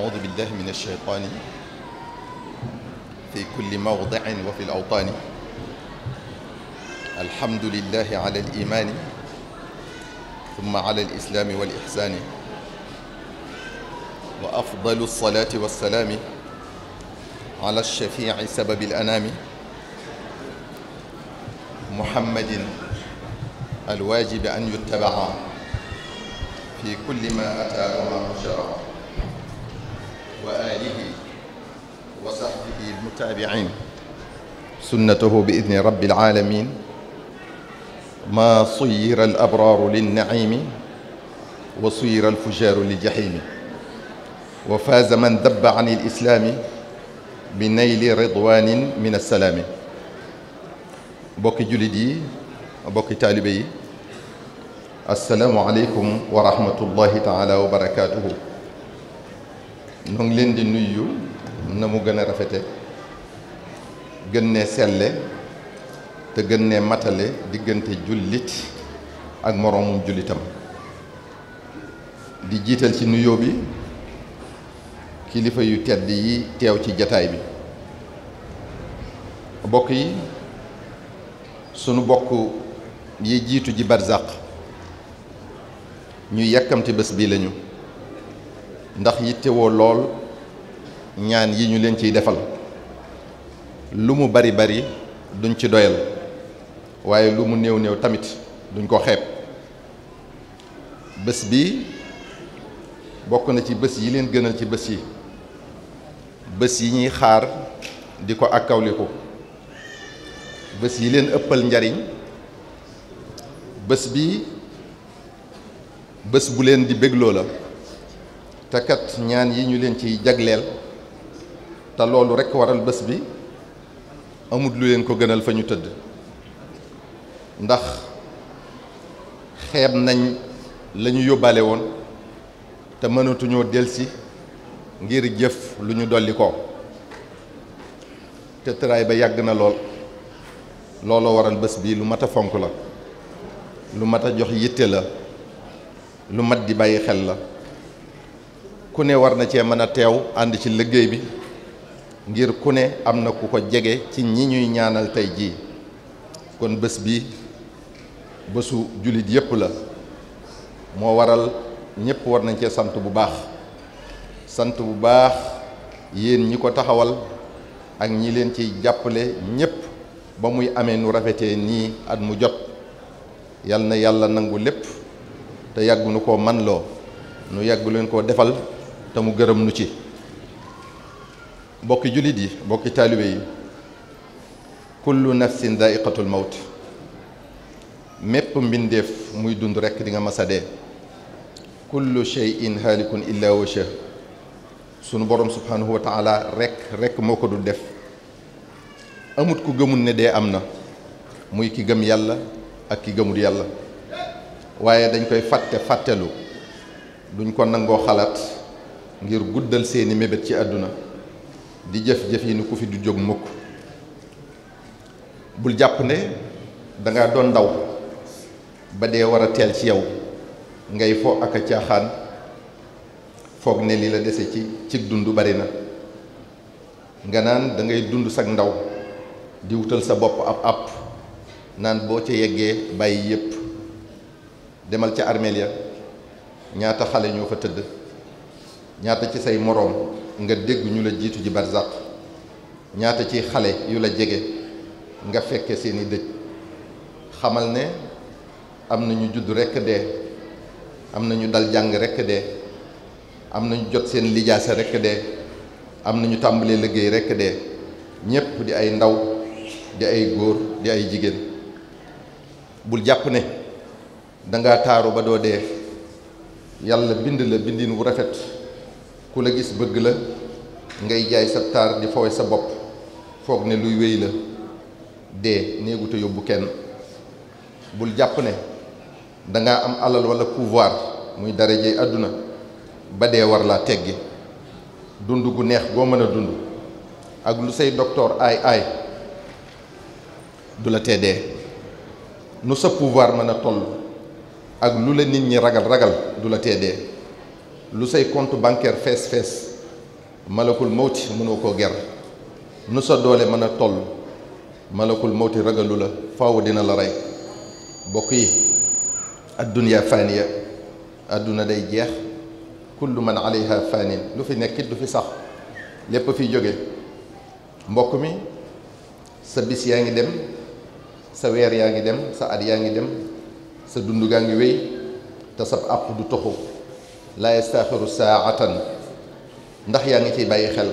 أعوذ بالله من الشيطان في كل موضع وفي الأوطان الحمد لله على الإيمان ثم على الإسلام والإحسان وأفضل الصلاة والسلام على الشفيع سبب الأنام محمد الواجب أن يتبع في كل ما أتى وما شرع taabiin sunnatahu bi idni rabbil aalamiin maa suyira al abraaru linnaimi wa suyira al fujaaru li jaxiimi wa faaza man dabba an il islaami bi nayli ridwaanin min assalaami bokki jullit yi bokki taalibe yi assalaamu aleykum wa rahmatullahi taala wa barakaatuhu noo ngi leen di nuyu na mu gën a rafete gën ne selle te gën ne matale diggante jullit ak moroomum jullitam di jiital ci nuyoo bi kilifa yu tedd yi teew ci jataay bi bokk yi sunu bokk yi jiitu ji barzaq ñu yàkkamti bés bii lañu ndax yi yittewoo lool ñaan yi ñu leen ciy defal lu mu bari bari duñ ci doyal waaye lu mu néew néew tamit duñ ko xeeb bés bi bokk na ci bés yi leen gënal ci bés yi bés yi ñuy xaar di ko akkawliku bés yi leen ëppal njariñ bés bi bés bu leen di bégloo la te ñaan yi ñu leen ciy jagleel te loolu rekk waral bés bi amut lu leen ko gënal fa ñu tëdd ndax xeeb nañ la ñu yóbbaale woon te mënatuñoo delsi ngir jëf lu ñu dolli ko te tëraay ba yàgg na lool looloo waral bés bi lu mat a fonk la lu mat a jox yitte la lu mat di bàyyi xel la ku ne war na cee mën a teew ànd ci liggéey bi ngir ku ne am na ku ko jege ci ñi ñuy ñaanal tey jii kon bés bi bésu jullit yépp la moo waral ñépp war nañ cee sant bu baax sant bu baax yéen ñi ko taxawal ak ñi leen ciy jàppale ñépp ba muy amee nu rafete nii at mu jot yal na yàlla nangu lépp te yàgg nu koo man loo nu yàgg leen koo defal te mu gërëm nu ci mbokki jullit yi mbokki taalibe yi kullu nafsin daiqatul mawt mépp mbindeef muy dund rekk di nga mas a dee kullu shay'in haalikun illa wajha sunu borom subhanahu wa rekk rekk moo ko dul def amut ku gëmul ne dee am na muy ki gëm yàlla ak ki gëmul yàlla waaye dañ koy fàtte fàttelu duñ ko nangoo xalaat ngir guddal seeni mébét ci àdduna di jëf-jëf yi ni ku fi du jóg mukk bul jàpp ne danga doon ndaw ba dee war a teel ci yow ngay fo ak a caaxaan foog ne li la dese ci cig dund bari na nga naan dangay dund sag ndaw di wutal sa bopp ab àpp naan boo ca yeggee bàyyi yépp demal ca armeel ya ñaata xale ñoo fa tëdd ñaata ci say moroom nga dégg ñu la jiitu ji barzaq ñaata ci xale yu la jege nga fekke seeni dëj xamal ne am na ñu judd rekk dee am na ñu dal jàng rekk dee am na ñu jot seen lijaasa rekk dee am na ñu tàmbalee liggéey rekk dee ñépp di ay ndaw di ay góor di ay jigéen bul jàpp ne danga taaru ba doo dee yàlla bind la bindiin wu rafet ku la gis bëgg la ngay jaay sa taar di fooy sa bopp foog ne luy wéy la dee néegu te yóbbu kenn bul jàpp ne danga am alal wala pouvoir muy darajey àdduna ba dee war laa teggi dund gu neex goo mën a dund ak lu say docteur aay aay du la tee dee nu sa pouvoir mën a toll ak lu la nit ñi ragal ragal du la tee dee lu say compte bancaire fees fees malakul mawti mënoo koo ger nu sa doole mën a toll malakul mawti ragalu la faaw dina la rey bokk yi adduniya faaniya àdduna day jeex kullu man alayha faanin lu fi nekkit du fi sax lépp a fi jóge mbokk mi sa bis yaa ngi dem sa weer yaa ngi dem sa at yaa ngi dem sa dund gaa ngi wéy te sab àpp du toxu la yastaxiru saatan ndax yaa ngi ciy bàyyi xel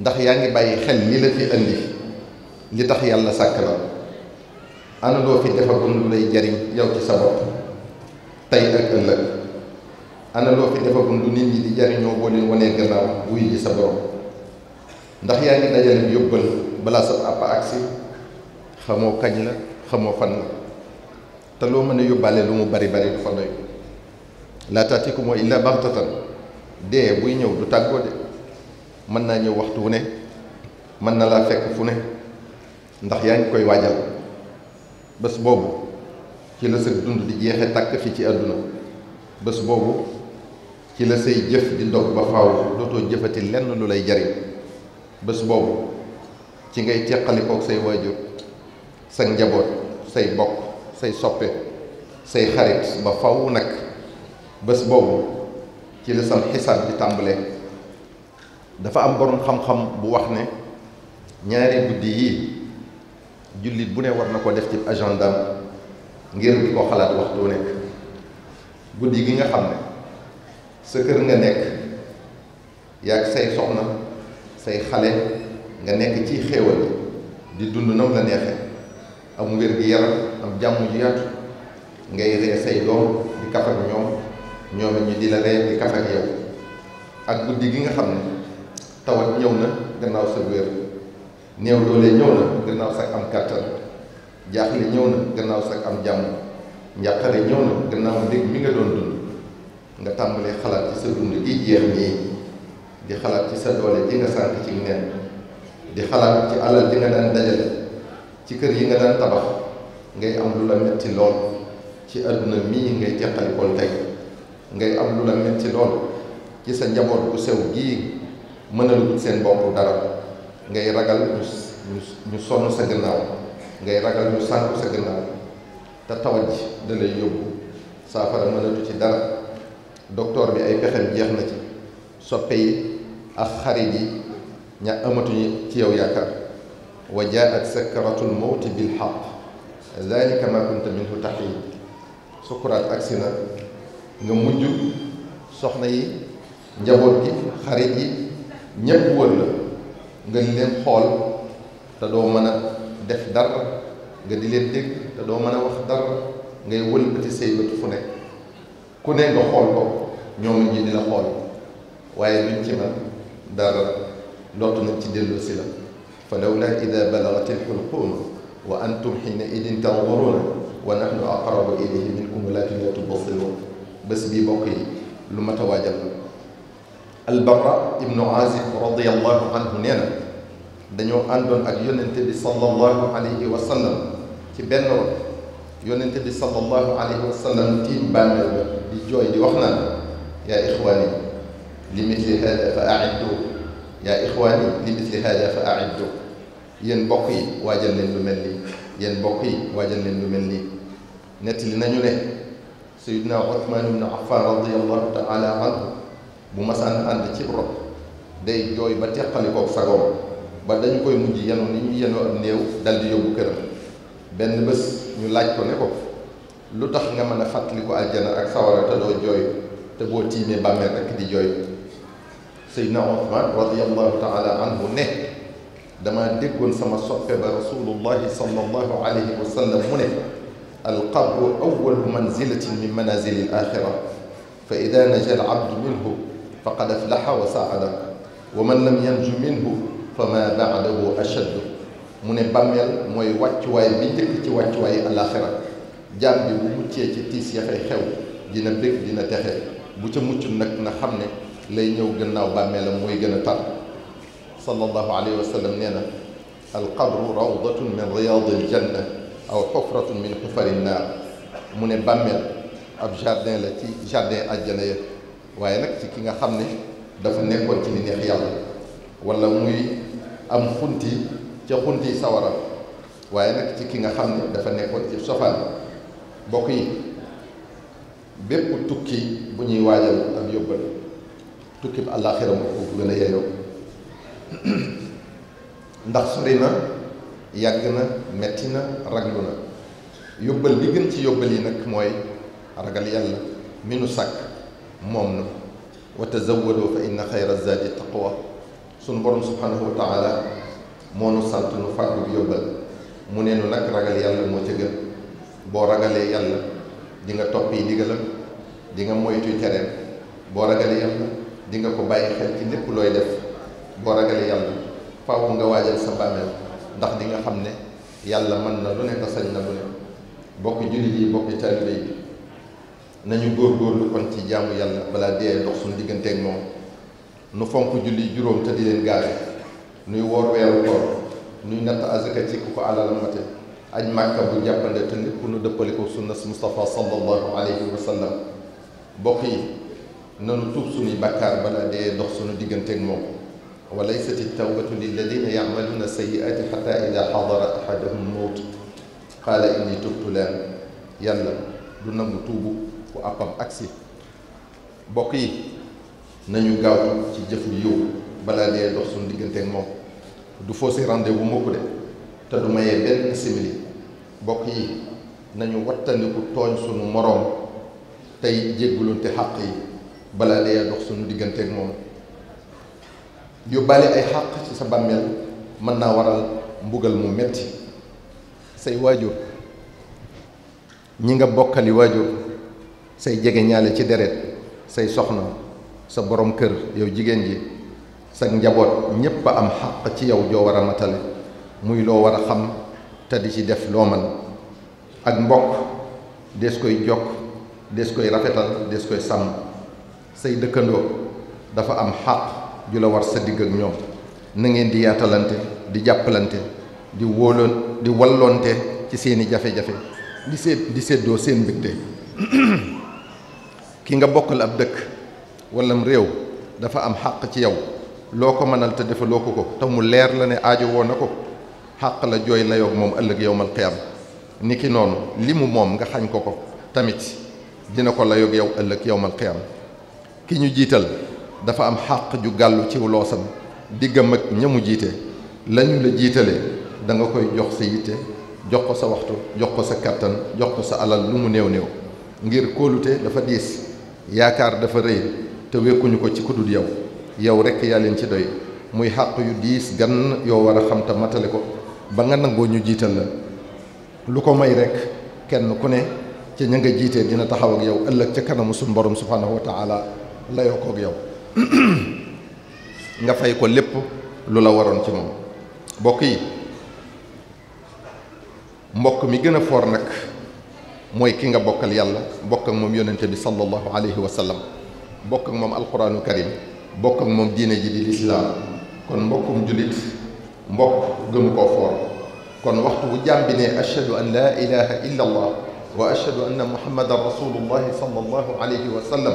ndax yaa ngi bàyyi xel li la fi indi li tax yàlla sàkk la ana fi defagum lu lay jariñ yow ci sa bopp tey ak ëllëg ana fi defagum lu nit ñi di jariñoo boo leen gannaaw bu ji sa borom ndax yaa ngi dajale yóbbal balaa sa àpp agsi xamoo kañ la xamoo fan la te loo mën a yóbbaale lu mu bari bari du fa doy laa taatikum illa baxtatan dee buy ñëw du tàggoo de mën naa ñëw waxtu wu ne mën na laa fekk fu ne ndax yaa ngi koy waajal bés boobu ci la sa dund di jeexe tàkk fii ci àdduna bés boobu ci la say jëf di dog ba faaw dootoo jëfati lenn lu lay jariñ bés boobu ci ngay teqali kook say waajur sa njaboot say bokk say soppe say xarit ba faw nag bés boobu ci la sal xisaab bi dafa am boroom xam-xam bu wax ne ñaari guddi yii jullit bu ne war na ko def ci agendaam ngir di ko xalaat waxtu nekk guddi gi nga xam ne sa kër nga nekk yaag say soxna say xale nga nekk ci xéewal di dund nam la neexee am wér gi yaram am jàmm ju yaatu ngay ree say doom di kafak ñoom ñoom ñu di la ree di kafe ak yow ak guddi gi nga xam ne tawat ñëw na gannaaw sa wér néew doole ñëw na gannaaw sa am kàttan jaaxle ñëw na gannaaw sa am jàmm njàqare ñëw na gannaaw mi nga doon dund nga tàmbalee xalaat ci sa dund gi jeex nii di xalaat ci sa doole ji sànk ci neen di xalaat ci alal ji daan dajale ci kër yi nga daan tabax ngay am lu la metti lool ci àdduna mii ngay teqalikool tey ngay am lu la metti lool ci sa njaboot bu sew gii mënalul seen bopp dara ngay ragal ñu ñu sonn sa gannaaw ngay ragal ñu sànku sa gannaaw te tawat ji da lay yóbbu saafara mënatu ci dara docteur bi ay pexem jeex na ci soppe yi ak xarit yi ña amatuñu ci yow yaakaar wa jaat sakaratul mawti bil xaq dalika ma kunta minhu taxiid sukuraat agsi na nga mujj soxna yi njaboot gi xarit yi ñépp wër la nga di leen xool te doo mën a def dara nga di leen dégg te doo mën a wax dara ngay wëlbati say bët fu nekk ku ne nga xool ko ñoom ñi di la xool waaye luñ ci man dara lottu nañ ci dellu si la fa lawla ida balagatil xulquuma wa antum xiina idin tanzuruuna wa nahnu aqrabu ilayhi minkum walaakin laa tubsiruun bés bi bokk yi lu mat a waajal albarra ibnu azib radiallahu anhu nee na dañoo àndoon ak yonente bi sallallahu alayhi wa sallam ci benn woon yonente bi sallallahu alayhi wa sallam tiim bàmmeel ba di jooy di wax naan yaa ixwaani li misli hada fa aiddu yaa ixwaani li misli hada fa aiddu yéen mbokk yi waajal leen lu mel nii yéen mbokk yi waajal leen lu mel nii nettali nañu ne Seydina Ousmane ibn Affan radiyallahu taala anhu bu masaan ànd ci rob day jooy ba teqalikoo sagoom ba dañu koy mujj yenu ni ñu yenoo ab néew dal di yóbbu këram benn bés ñu laaj ko ne ko lu tax nga mën a fàttaliku aljana ak sawara te doo jooy te boo tiimee bàmmeel rekk di jooy Seydina Ousmane radiyallahu taala anhu ne damaa déggoon sama soppe ba rasulullahi sallallahu alayhi wa mu ne alqabru awwalu manzilatin min manazili al axira fa ida naja al abdu minhu faqad aflaxa wa saada wa man lam yanju minhu fa ma baadahu ashaddu mu ne bàmmeel mooy wàccuwaay bi njëkk ci wàccuwaay alaxira jaam bi bu muccee ci tiis ya fay xew dina bég dina texe bu ca mucc nag na xam ne lay ñëw gannaaw bàmmeelam mooy gën a tar sallallahu alayhi wa sallam nee na alqabru rawdatun min riyaadi aljanna aw xofratun min xufarin naar mu ne bàmmeel ab jardin la ci jardin àjjana ya waaye nag ci ki nga xam ne dafa nekkoon ci li neex yàlla wala am xunti ca sawara waaye nag ki nga xam ne dafa nekkoon ci sofaan bokk yi bépp tukki bu ñuy waajal ak yóbbal tukki bi àllaaxira moo ko gën a ndax sori yàgg na metti na raglu na yóbbal bi gën ci yóbbal yi nag mooy ragal yàlla mi nu sàkk moom na wa tazawwadu fa inna xayra zaadi taqwa sunu borom subhanahu wa moo nu sant nu fàggu bi yóbbal mu ne nu nag ragal yàlla moo ca boo ragalee yàlla di nga topp digalam di nga moytuy tereem boo ragalee yàlla di nga ko bàyyi looy def boo ragalee yàlla nga waajal sa bàmmeel ndax di nga xam ne yàlla mën na lu ne te sañ na lu ne bokk jullit yi bokk taalibe yi nañu góorgóorlu kon ci jaamu yàlla balaa dee dox suñu digganteeg moom nu fonk julli juróom te di leen gaawe nuy woor weeru koor nuy natt azaka ku ko alalam mate aj màkka bu jàppande te lépp nu dëppale ko sunna Mustafa sallallahu alayhi wa sallam bokk yi nanu tuub suñuy bàkkaar balaa dee dox suñu digganteeg moom وليست التوبة للذين يعملون السيئات حتى إذا حضر أحدهم الموت قال إني تبت الآن yàlla du nangu tuubu ku àppam agsi mbokk yi nañu gaaw ci jëfu yiw balaa dee dox suñu diggante moom du fausser rendez-vous mukk de te du mayee benn simili mbokk yi nañu wattandiku tooñ suñu moroom tey jéggulunte xàq yi balaa dee dox suñu diggante moom yóbbaale ay xàq ci sa bàmmeel mën naa waral mbugal mu metti say waajur ñi nga bokkali waajur say jege ñaale ci deret say soxna sa boroom kër yow jigéen ji sa njaboot ñépp a am xàq ci yow joo war a matale muy loo war a xam te di ci def loo man ak mbokk des koy jokk des koy rafetal des koy sàmm say dëkkandoo dafa am xàq ju la war sa digg ak ñoom na di yaatalante di jàppalante di wóoloon di walloonte ci seeni jafe-jafe di seet di séddoo seen mbégte ki nga bokkal ab dëkk wallam réew dafa am xàq ci yow loo ko mënal te defaloo ko ko te mu leer la ne aajo woo na ko xàq la jooy layoog moom ëllëg yowmal qiyaam ni ki noonu li mu moom nga xañ ko ko tamit dina ko layoog yow ëllëg yowmal qiyaam ki ñu jiital dafa am xàq ju gàllu ciw loosam diggam ak ñamu jiite lañu la jiitalee da nga koy jox sa yitte jox ko sa waxtu jox ko sa kàttan jox ko sa alal lu mu néew néew ngir kóolute dafa diis yaakaar dafa rëy te wekkuñu ko ci kudul yow yow rekk yaa leen ci doy muy xàq yu diis gan yoo war a xam te matale ko ba nga nangoo ñu jiital la lu ko may rekk kenn ku ne ca ña nga jiitee dina taxaw ak yow ëllëg ca kanamu suñu borom subhaanahu wa taala layoo koog yow nga fay ko lépp lu la waroon ci moom mbokk yi mbokk mi gën a foor nag mooy ki nga bokkal yàlla bokk moom yonente bi sallallahu alayhi wa sallam bokk moom alquraanu karim bokk moom diine ji di kon mbokkum jullit mbokk gënu koo foor kon waxtu bu jàmbi ne ashhadu an laa ilaha illa wa ashhadu anna muhammadan rasulullahi sallallahu alayhi wa sallam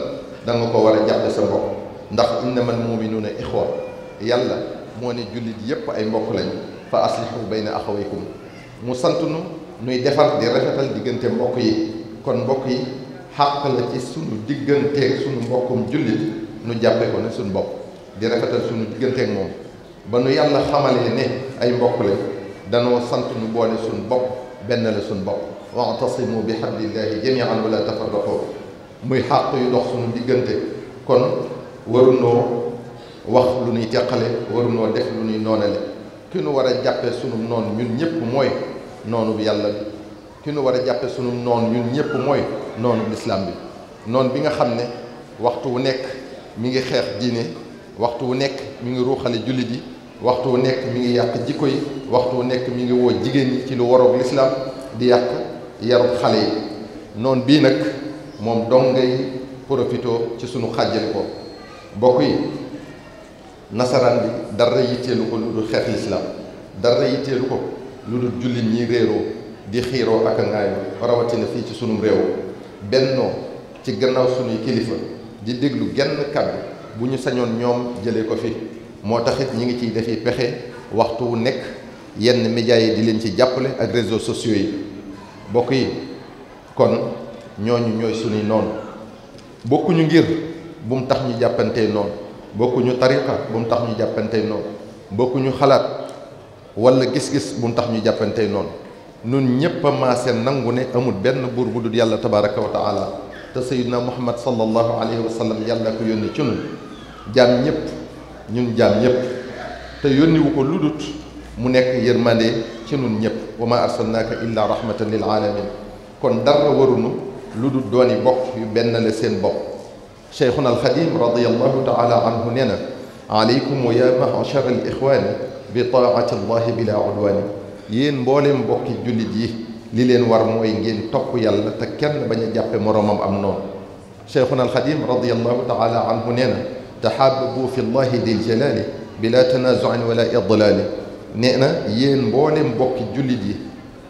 da ko war a jàpp sa mbokk ndax man innamal ne ixwa yàlla moo ne jullit yépp ay mbokk lañ fa aslihu bayna axawaykum mu sant nu nuy defar di rafetal diggante mbokk yi kon mbokk yi xàq la ci sunu digganteeg suñu mbokkum jullit nu jàppe ko ne suñu bopp di rafetal sunu digganteeg moom ba nu yàlla xamalee ne ay mbokk lañ danoo sant ñu boole sunu bokk benn la sunu bopp moo bi hablillahi jami'an wala tafarraqu muy xàq yu dox sunu diggante kon warunoo wax lu nuy teqale warunoo def lu nuy noonale ki nu war a jàppe sunu noon ñun ñëpp mooy noonu bi yàlla bi war a jàppe sunu noon ñun ñëpp mooy noonu bi lislaam bi noon bi nga xam ne waxtu wu nekk mi ngi xeex diine waxtu wu nekk mi ngi ruuxale jullit yi waxtu wu nekk mi ngi yàq jikko yi waxtu wu nekk mi ngi woo jigéen ci lu waroog lislaam di yàq yarub xale yi noon bii nag moom dong ngay profito ci sunu xàjjali ko mbokk yi nasaraan bi dara yitteelu ko lu dul xeex lislaam dara yitteelu ko lu dul jullit ñi réeroo di xiiroo ak a ŋaayoo rawatina fii ci sunum réew bennoo ci gannaaw sunuy kilifa di déglu genn kàddu bu ñu sañoon ñoom jëlee ko fi moo taxit ñi ngi ciy defi pexe waxtu wu nekk yenn médias yi di leen ci jàppale ak réseaux sociaux yi mbokk yi kon ñooñu ñooy sunuy noonu bokkuñu ngir bu mu tax ñu jàppantee noonu bokkuñu tariqa bu mu tax ñu jàppantee noonu bokkuñu xalaat wala gis-gis bu mu tax ñu jàppantee noonu nun ñépp a maase nangu ne amut benn buur bu dul yàlla tabaraka wa taala te sayyidna muhammad sallallahu alayhi wa sallam yàlla ko yónni ci nun jaam ñëpp ñun jaam ñëpp te yónniwu ko lu dut mu nekk yërmande ci nun ñëpp wa ma arsalnaaka illaa rahmatan lil alamin kon dara warunu lu dut dooni bokk yu benn la seen bopp cheikhuna alxadim radiallahu taala anhu nee na aleykum wa ya mahchar al ixwaani bi taati allahi bila udwaani yéen mbooleem mbokki jullit yi li leen war mooy ngeen topp yàlla te kenn bañ a jàppe moroomam am noonu cheikhuna alxadim radiallahu taala anhu nee na taxaababu fi llahi dil jalaali bila tanazuin wala idlaali nee na yéen mbooleem mbokki jullit yi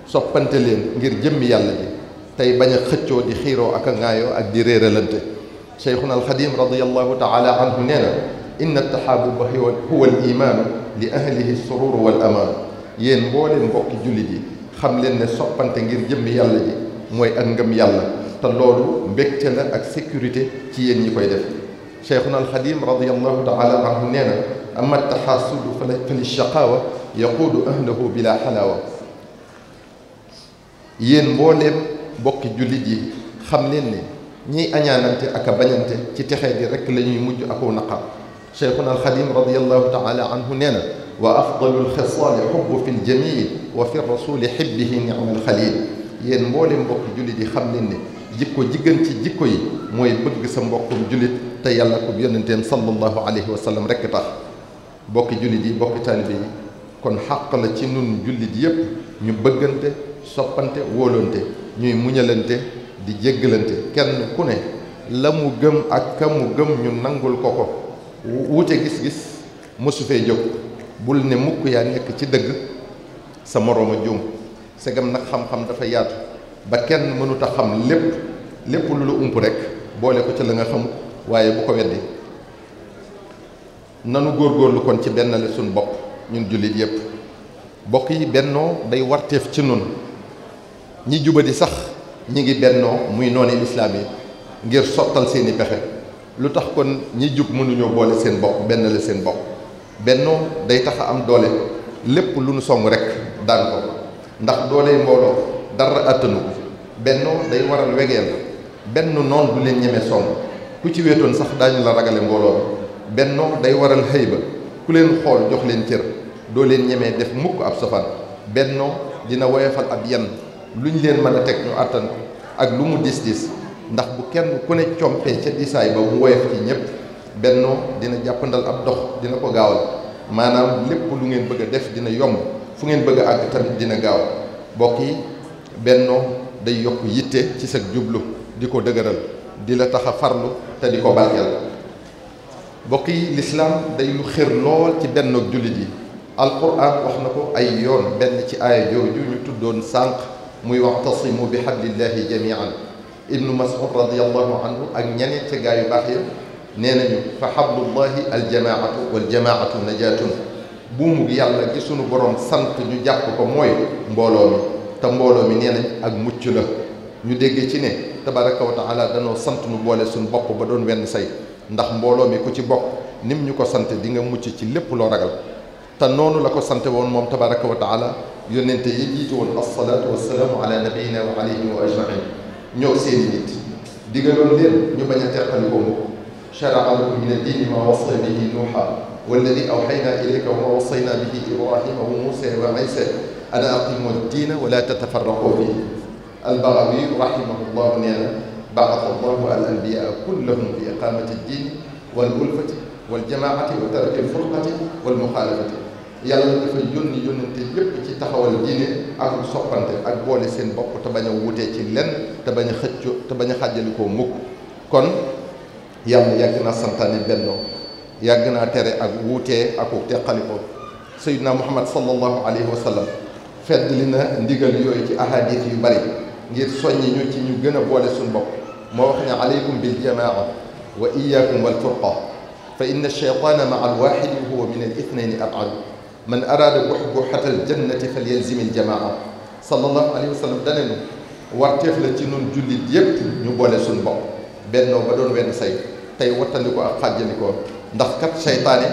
soppante leen ngir jëmmi yàlla ji tey bañ a xëccoo di xiiroo ak a ŋaayoo ak di réeralante cheikhuna alxadim radiallahu taala anhu nee na inna taxaabuba huwa al imaanu li ahlihi sururu wal amaan yéen mbooleen mbokki jullit yi xam leen ne soppante ngir jëmm yàlla ji mooy ak ngëm yàlla te loolu mbégte la ak sécurité ci yéen ñi koy def cheikhuna alxadim radiallahu taala anhu nee na ama taxaasudu fa li shaqaawa yaquudu ahlahu bila xalaawa yéen mbooleem mbokki jullit yi xam leen ne ñiy añaanante ak a bañante ci texe di rek lañuy ñuy mujj aku naqar cheikhuna alxadim radiallahu taala anhu nee na wa afdalu lxisaali xubbu fi ljamii wa fi rasuli xibbihi nicma alxalil yéen mboolem mbokk jullit yi xam leen ne jikko jiggan ci jikko yi mooy bëgg sa mbokkum jullit te yàlla ko yonenteem sallallahu alayhi wa sallam rekk tax bokki jullit yi bokki taalibe yi kon xàq la ci nun jullit yépp ñu bëggante soppante wóolante ñuy muñalante di jéggalante kenn ku ne la mu gëm ak ka mu gëm ñu nangul ko ko wuute gis-gis mosu fee jóg bul ne mukk yaa nekk ci dëgg sa morooma juum segam nag xam-xam dafa yaatu ba kenn mënut a xam lépp lépp lu la ump rek boole ko ca la nga xamut waaye bu ko weddi nanu góor góorlu kon ci benn la suñ bopp ñun jullit yépp bokk yi bennoo day warteef ci nun ñi juba di sax ñi ngi bennoo muy noone lislaam yi ngir sottal seeni pexe lu tax kon ñi jub mënuñoo boole seen bopp benn la seen bopp bennoo day tax am doole lépp lu nu song rek daan ko ndax dooley mbooloo dara attanu ko bennoo day waral wegeel benn noon du leen ñeme song ku ci wéetoon sax daañu la ragale mbooloo bi bennoo day waral xëy ba ku leen xool jox leen cër doo leen ñemee def mukk ab safaan bennoo dina woyofal ab yan lu ñu leen mën a teg ñu àttan ko ak lu mu dis dis ndax bu kenn ku ne compee ca disaay ba mu woyof ci ñëpp bennoo dina jàppandal ab dox dina ko gaawal maanaam lépp lu ngeen bëgg a def dina yomb fu ngeen bëgg a àgg tamit dina gaaw bokk yi bennoo day yokk yitte ci sa jublu di ko dëgëral di la tax a farlu te di ko barkeel bokk yi lislaam day lu xër lool ci bennoog jullit yi alquran wax na ko ay yoon benn ci aaya jooju ñu tuddoon sànq muy wax waxtasimu bi hablillahi jamian ibnu mas'ud radiallahu anhu ak ñeneen ci gaa yu baax ya nee nañu fa hablullahi aljamaatu waljamaatu najaatun buumu gi yàlla gi sunu borom sant ñu jàpp ko mooy mbooloo mi te mbooloo mi nee nañ ak mucc la ñu dégg ci ne tabaraka wa taala danoo sant nu boole suñu bopp ba doon wenn say ndax mbooloo mi ku ci bokk nim ñu ko sant di nga mucc ci lépp loo ragal te noonu la ko sante woon moom tabaraka wa taala yónnente yi jiitu woon assalaatu wassalaamu ala nabiyina wa alayhi wa ajmain ñoo seeni nit digaloon leen ñu bañ a teqalikoo mukk sharaa lakum min addiini ma wasa bihi nuuha walladi awxayna ilayka wa ma wasayna bihi ibrahima wa muusa wa isa an aqimu addiina wala tatafarraqu fihi albagawi rahimahullahu nee na baata allahu al anbiyaa kullahum bi iqamati addiini wal ulfati wal jamaati wa tarki alfurqati wal muxaalafati yàlla dafa yónni yónnante yépp ci taxawal diine ak soppante ak boole seen bopp te bañ a wutee ci lenn te bañ a te bañ a xàjjalikoo mukk kon yàlla yàgg naa santaane bennoo yàgg naa tere ak wuutee aku teqalikoo sayyidina muhammad sallallahu alayhi wa sallam fedd li na ndigal yooyu ci ahadis yu bari ngir soññi ñu ci ñu gën a boole suñu bopp moo wax ne aleykum bil jamaa wa iyaakum wal furqa fa inna shaytaana ma al waaxidi huwa min al man araada buxbuxatal jannati fal yalzimil jamaa sallallahu alayhi wa sallam danenu warteef la ci nun jullit yépp ñu boole suñ bopp bennoo ba doon wenn say tey wattandikoo ak xàjjalikoo ndax kat seytaane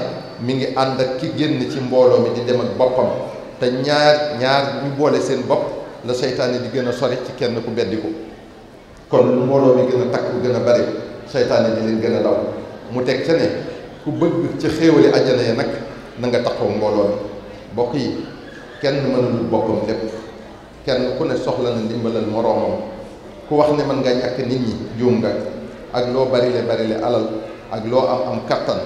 mi ngi ànd ak ki génn ci mbooloo mi di dem ak boppam te ñaar ñaar ñu boole seen bopp la seytaane di gën a sori ci kenn ku beddiku kon lu mbooloo mi gën a takk gën a bari seytaane di leen gën a daw mu teg ca ne ku bëgg ci xéewali ajjana yi nag na nga taxaw mbooloo bokk yi kenn mënul boppam lépp kenn ku ne soxla na ndimbalal moroomam ku wax ne mën nga ñàkk nit ñi juum nga ak loo bari le bari barile alal ak loo am am kattan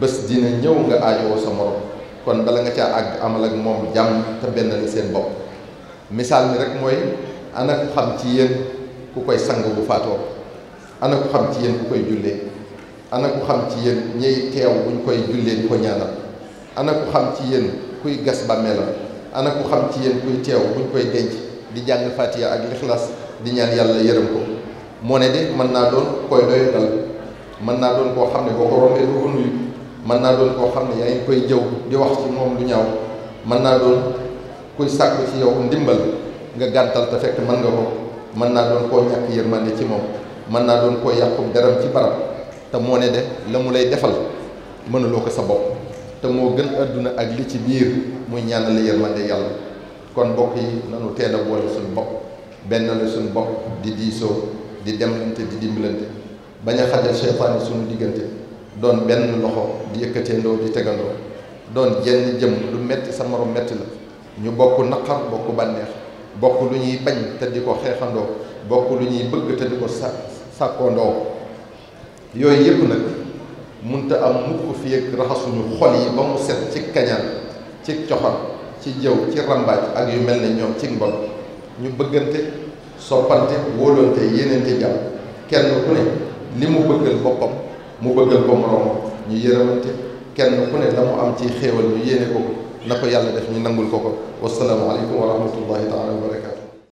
bés dina ñëw nga aajowoo sa morom kon bala nga caa àgg amal ak moom jàmm te benn li seen bopp misaal mi rek mooy ana ku xam ci yéen ku koy sang bu faatoo ana ku xam ci yéen ku koy jullee ana ku xam ci yéen ñiy teew buñ koy jullee ñu ko ñaanal ana ku xam ci yéen kuy gas bàmmeelam ana ku xam ci yéen kuy teew ñu koy denc di jàng fatiha ak lixlaas di ñaan yàlla yërëm ko moo ne de mën naa doon koy doy mën naa doon koo xam ne boo ko rombee du ko mën naa doon koo xam ne yaa ngi koy jëw di wax ci moom du ñaaw mën naa doon kuy sàkku ci yow ndimbal nga gàntal te fekk mën nga ko mën naa doon koo ñàkk yërmande ci moom mën naa doon koo yàqu deram ci barab te moo ne de la mu lay defal mënuloo ko sa bopp te moo gën àdduna ak li ci biir muy ñaanale yërmande yàlla kon mbokk yi nanu teel a boole suñu bopp benn la suñu bopp di diisoo di demlante di dimbalante bañ a xajal suñu diggante doon benn loxo di yëkkateendoo di tegandoo doon jenn jëm lu metti sa moroom metti la ñu bokk naqar bokk bànneex bokk lu ñuy bañ te di ko xeexandoo bokk lu ñuy bëgg te di ko sa sàkkoondoo yooyu yëpp nag munta am mukk fi ak raxasuñu xol yi ba mu set ci kañaan ci coxor ci jëw ci rambaaj ak yu mel na ñoom ci mbon ñu bëggante soppante wóolante yéenante jàmm kenn ku ne li mu bëggal boppam mu bëggal ko moroomam ñu yërëmante kenn ku ne la mu am ci xéewal ñu yéene ko na ko yàlla def ñu nangul ko ko wasalaamu aleykum wa rahmatullahi taala wa barakaatu